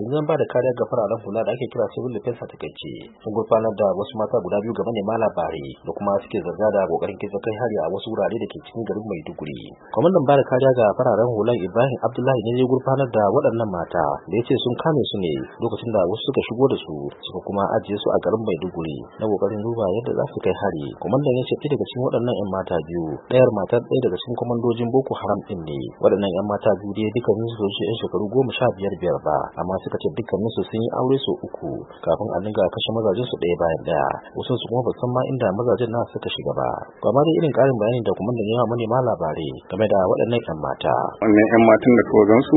rundunar ba da kariya ga fararen hula da ake kira civil defense a takaice sun gurfanar da wasu mata guda biyu ga manema labarai da kuma suke zarga da kokarin kisa kai hari a wasu wurare da ke cikin garin maiduguri kwamandan ba da kariya ga fararen hulan ibrahim abdullahi ne ya gurfanar da waɗannan mata da ya ce sun kame su ne lokacin da wasu suka shigo da su suka kuma ajiye su a garin maiduguri na kokarin duba yadda za su kai hari kwamandan ya ce ɗaya daga cikin waɗannan 'yan mata biyu ɗayar matar ɗaya daga cikin kwamandojin boko haram ɗin ne waɗannan 'yan mata biyu dai duka sun su 'yan shekaru goma sha biyar biyar ba amma suka ce dukkanin su sun yi aure su uku kafin a dinga kashe mazajin su ɗaya bayan ɗaya wasu su kuma basu san ma inda mazajen na suka shiga ba kamar dai irin ƙarin bayanin da kuma da yawa ma labarai game da waɗannan 'yan mata. Wannan 'yan matan da kuka gansu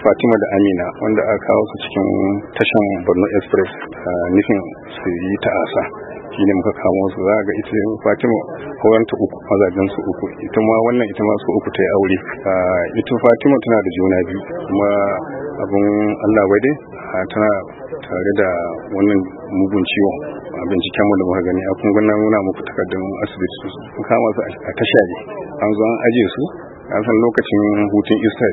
Fatima da Amina wanda aka kawo su cikin tashan Borno Express nufin su yi ta'asa shi ne muka kamo su za ga ita Fatima horanta uku mazajen su uku ita ma wannan ita ma su uku ta yi aure ita Fatima tana da juna biyu kuma abin Allah wai a tana tare da wannan mugun ciwon a binciken da muka gani a kungunan nuna muku takardun asibiti su kama su a tasha an zo an ajiye su an san lokacin hutun Easter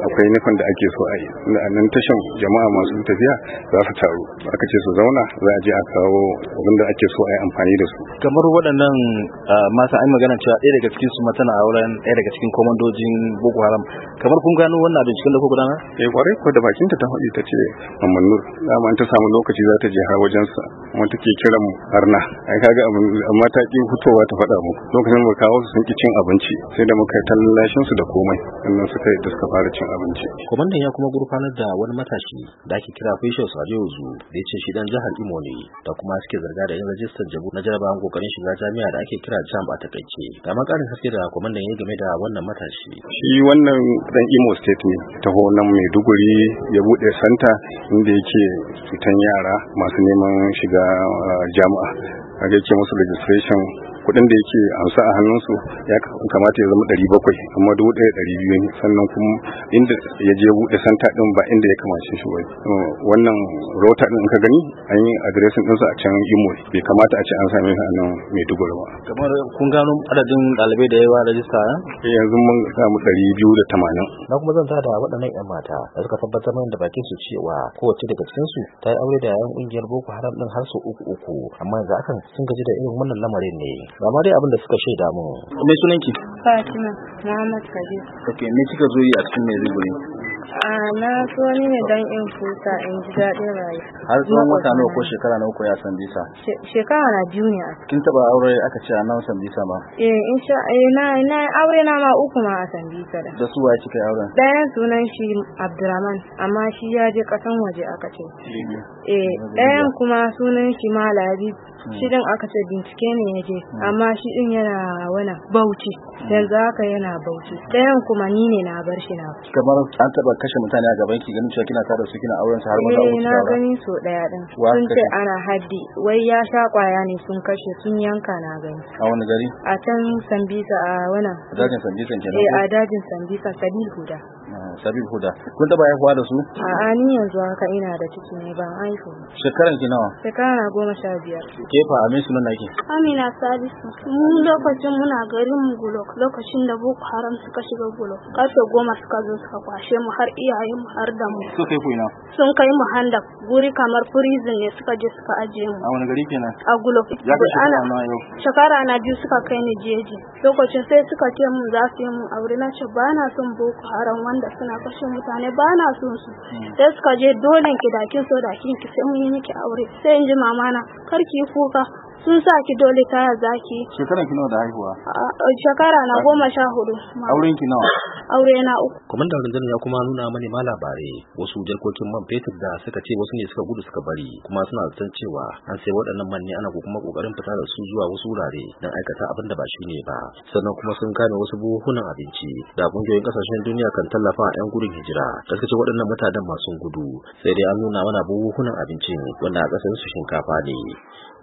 akwai nufin da ake so a yi da nan tashan jama'a masu tafiya za su taru aka ce su zauna za a je a kawo abin da ake so a yi amfani da su kamar waɗannan masu an magana cewa ɗaya daga cikin su matana a wurin ɗaya daga cikin komandojin boko haram kamar kun gano wannan cikin da kuka gudanar eh kwarai ko da bakinta ta faɗi ta ce mamman nur dama ta samu lokaci za ta je har sa. kuma take kiran harna ai kaga amma ta ki fitowa ta faɗa mu lokacin mu kawo su sun ƙi cin abinci sai da muka tallashin su da komai sannan suka yi da suka fara cin abinci. Kwamandan ya kuma gurfanar da wani matashi da ake kira Precious Adeozu da ya ce shi dan jihar Imo ne da kuma suke zarga da yin rajistar jabu na jarabawan kokarin shiga jami'a da ake kira jam a takaice. da ma karin haske da kwamandan ya game da wannan matashi. Shi wannan dan Imo State ne taho nan Maiduguri ya buɗe santa inda yake fitan yara masu neman shiga ah, jami'a. Ake ce musu registration kuɗin da yake amsa a hannunsu ya kamata ya zama ɗari bakwai amma dubu ɗaya ɗari biyu sannan kuma inda ya je buɗe santa ɗin ba inda ya kamace shi wai wannan rota ɗin ka gani an yi adireshin ɗinsu a can imo bai kamata a ce an sami hannun a nan maiduguri ba. kamar kun gano adadin ɗalibai da yawa rajista eh? Eh, yanzu mun samu ɗari biyu da tamanin. na kuma zan da waɗannan 'yan mata da suka tabbatar mana da bakin su cewa kowace daga cikin su ta yi aure da yayan ƙungiyar boko haram ɗin har sau uku uku amma yanzu akan sun gaji da irin wannan lamarin ne. ga dai abin da suka shaida mu mai sunanki Fatima Muhammad Kabir Ok, me kika zo yi a cikin Maiduguri a ah, na so ni ne dan in fusa in ji daɗin rayu har tsawon wata nawa ko shekara nawa ko ya san bisa shekara na biyu ne kin taba aure aka ce a nan san bisa ma eh sha eh na na aure na ma uku ma a san bisa da da su wa kika auren ɗayan sunan shi Abdurrahman amma shi ya je ƙasan waje aka ce eh ɗayan kuma sunan shi Malabi Hmm. shi din aka ce bincike ne ya je hmm. amma shi din yana wani bauchi hmm. yanzu haka yana bauchi ɗayan kuma ni ne na bar shi na kamar an taɓa kashe mutane a gaban ki ganin cewa kina tare su kina auren su har maza dawo eh, na gani so ɗaya din sun ce ana haddi wai ya sha kwaya ne sun kashe sun yanka na gani a wani gari a can sambisa a A dajin sambisa kenan eh a dajin sambisa sabil huda sabil huda kun taba haihuwa da su a'a ni yanzu haka ina da ciki ne ban haihu shekaran ki nawa shekara goma sha biyar ke fa amin sunan nake amina salisu mu lokacin muna garin mu gulok lokacin da boko haram suka shiga gulok karfe goma suka zo suka kwashe mu har iyayen mu har da mu suka yi ina. sun kai mu handa guri kamar prison ne suka je suka aje mu a wani gari kenan a gulok ya ka shekara na yau shekara na biyu suka kai ni jeji lokacin sai suka ce mu za su yi mun aure na ce ba na son boko haram wanda suna na kashe mutane ba na son su sai suka je dole ki da kin so da kin ki sai mun yi miki aure sai in ji mama na kar ki kuka sun sa ki dole kaya zaki shekara ki nawa da haihuwa shekara na goma sha hudu auren ki nawa aure na uku kwamandan rundunar ya kuma nuna mani ma labarai wasu jarkokin man fetur da suka ce wasu ne suka gudu suka bari kuma suna san cewa an sai waɗannan man ne ana kuma kokarin fita da su zuwa wasu wurare don aikata abin da ba shi ne ba sannan kuma sun kame wasu buhunan abinci da kungiyoyin kasashen duniya kan tallafa a 'yan gudun hijira da suka waɗannan mutanen masu gudu sai dai an nuna mana buhunan abincin wanda a ƙasar su shinkafa ne